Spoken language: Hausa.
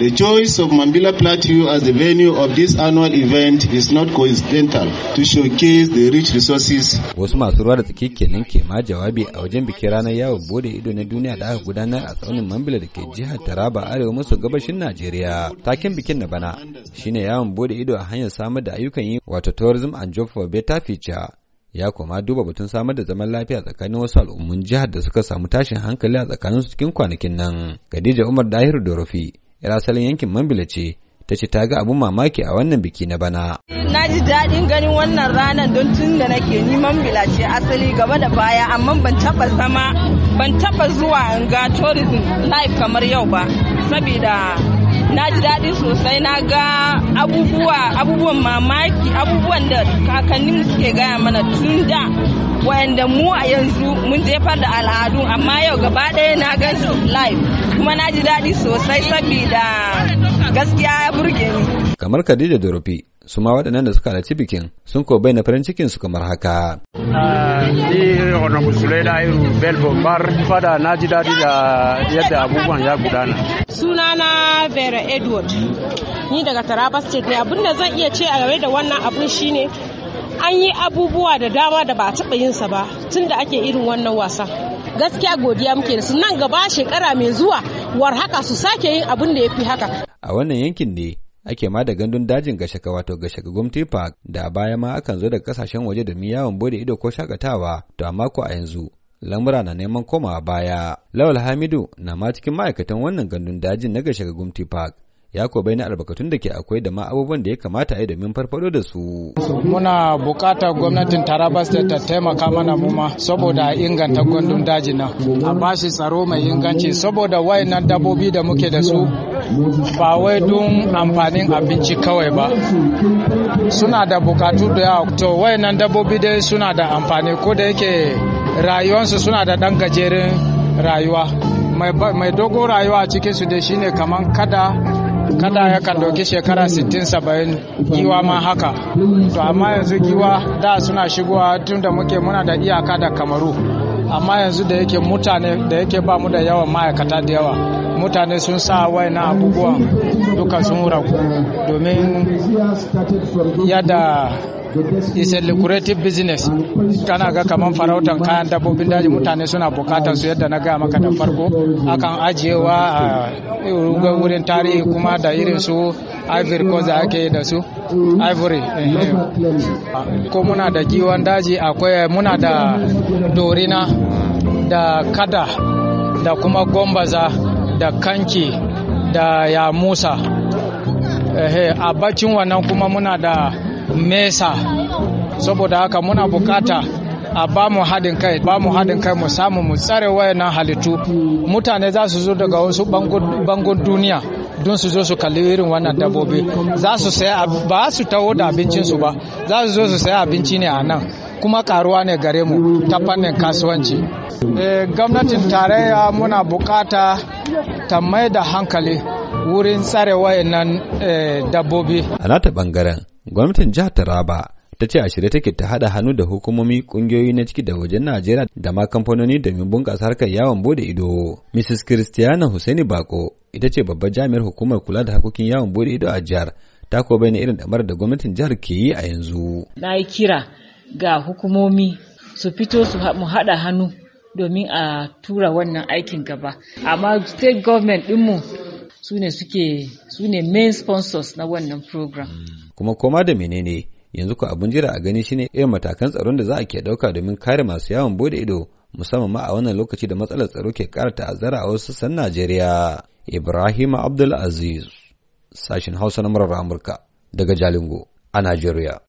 The choice of Mambila Plateau as the venue of this annual event is not coincidental to showcase the rich resources. Wasu masu ruwa da tsaki kenan ke ma jawabi a wajen bikin ranar yawon bude ido na duniya da aka gudanar a tsaunin Mambila da ke jihar Taraba arewa maso gabashin Najeriya. Taken bikin na bana shine yawon bude ido a hanyar samar da ayyukan yi wato tourism and job for better future. ya kuma duba batun samar da zaman lafiya tsakanin wasu al'ummun jihar da suka samu tashin hankali a tsakanin su cikin kwanakin nan. Khadija Umar dahiru Dorofi yar asalin yankin Mambila ce ta ce ta ga abun mamaki a wannan biki na bana. Na ji daɗin ganin wannan ranar don tun da nake ni Mambila ce asali gaba da baya amma ban taɓa zama ban taɓa zuwa ga tourism life kamar yau ba saboda na ji daɗi sosai na ga abubuwan mamaki abubuwan da kakannin suke gaya mana tun da wayanda mu a yanzu mun jefar da al'adu amma yau gaba ɗaya na gan su live kuma na ji daɗi sosai saboda gaskiya ya burge ni. Kamar Khadija Dorofi su ma waɗannan da suka halarci bikin sun ko na farin cikin su kamar haka. Ah, ni Rona Musulai iru Belbo Bar fada na ji daɗi da yadda abubuwan ya gudana. Sunana Vera Edward. Ni daga Taraba State ne abinda zan iya ce a game da wannan abun shine an yi abubuwa da dama da ba a taɓa yinsa ba tun da ake irin wannan wasa. gaskiya godiya muke da su nan gaba shekara mai zuwa war haka su sake yin abin da ya fi haka a wannan yankin ne ake ma da gandun dajin gashaka wato gashaka gumti park da a baya ma akan zo daga kasashen waje da yawon bude ido ko shakatawa to amma ko a yanzu lamura na neman komawa baya lawal hamidu na ma cikin ma'aikatan wannan gandun dajin na gashaka gomti park ya ko na albarkatun da ke akwai da ma abubuwan da ya kamata a yi domin farfado da su. Muna bukatar gwamnatin Taraba State ta taimaka mana muma saboda a inganta gandun daji na a bashi tsaro mai inganci saboda wayannan dabbobi da muke da su ba wai don amfanin abinci kawai ba suna da bukatu da yawa to wayannan dabobi dai suna da amfani ko da yake rayuwarsu suna da ɗan gajeren rayuwa mai dogo rayuwa a cikinsu dai shine kamar kada kada ya kan ɗauki shekara 60-70 giwa ma haka to amma yanzu giwa da suna shigowa tun da muke muna da iyaka da kamaru amma yanzu da yake mutane da yake ba mu da yawan ma'aikata da yawa mutane sun sa wai na abubuwa duka sun ragu domin yada isa lucrative business kana ga kaman farautan kayan dabbobin daji mutane suna bukatar su yadda na gaya maka da farko akan ajiyewa a wurin tarihi kuma da irin su ivory ko za ake da su ivory eh, ko muna da giwan daji akwai muna da dorina da kada da kuma gombaza da kanki da yamusa eh, eh, a bacin wannan kuma muna da mesa saboda haka muna bukata a ba mu haɗin kai ba mu haɗin kai mu samu mu tsare wayannan halittu mutane za su zo daga wasu bangon duniya don su zo su kalli irin wannan dabbobi za su saya ba su taho da abincinsu ba za su zo su saya abinci ne a nan kuma karuwa ne gare mu ta fannin kasuwanci eh, gwamnatin tarayya muna bukata ta mai da hankali wurin tsare wayannan eh, dabbobi a nata bangaren Gwamnatin jihar Taraba ta ce a shirye take ta hada hannu da hukumomi ƙungiyoyi na ciki da wajen Najeriya da ma kamfanoni domin bunƙasa harkar yawon bude ido. Mrs. Christiana Hussaini Bako ita ce babbar jami'ar hukumar kula da harkokin yawon bude ido a jihar ta ko bayyana irin damar da gwamnatin jihar ke yi a yanzu. Na yi kira ga hukumomi su fito su mu hada hannu domin a tura wannan aikin gaba. Amma state government ɗinmu su ne suke su main sponsors na wannan program. Hmm. Kuma koma da menene yanzu ku abun jira a gani shine irin matakan tsaron da za a ke dauka domin kare masu yawon bude ido musamman ma a wannan lokaci da matsalar tsaro ke kara ta'azzara a wasu sassan Najeriya. Ibrahim Abdul Aziz, sashin Hausa na murar Amurka daga Jalingo a Najeriya.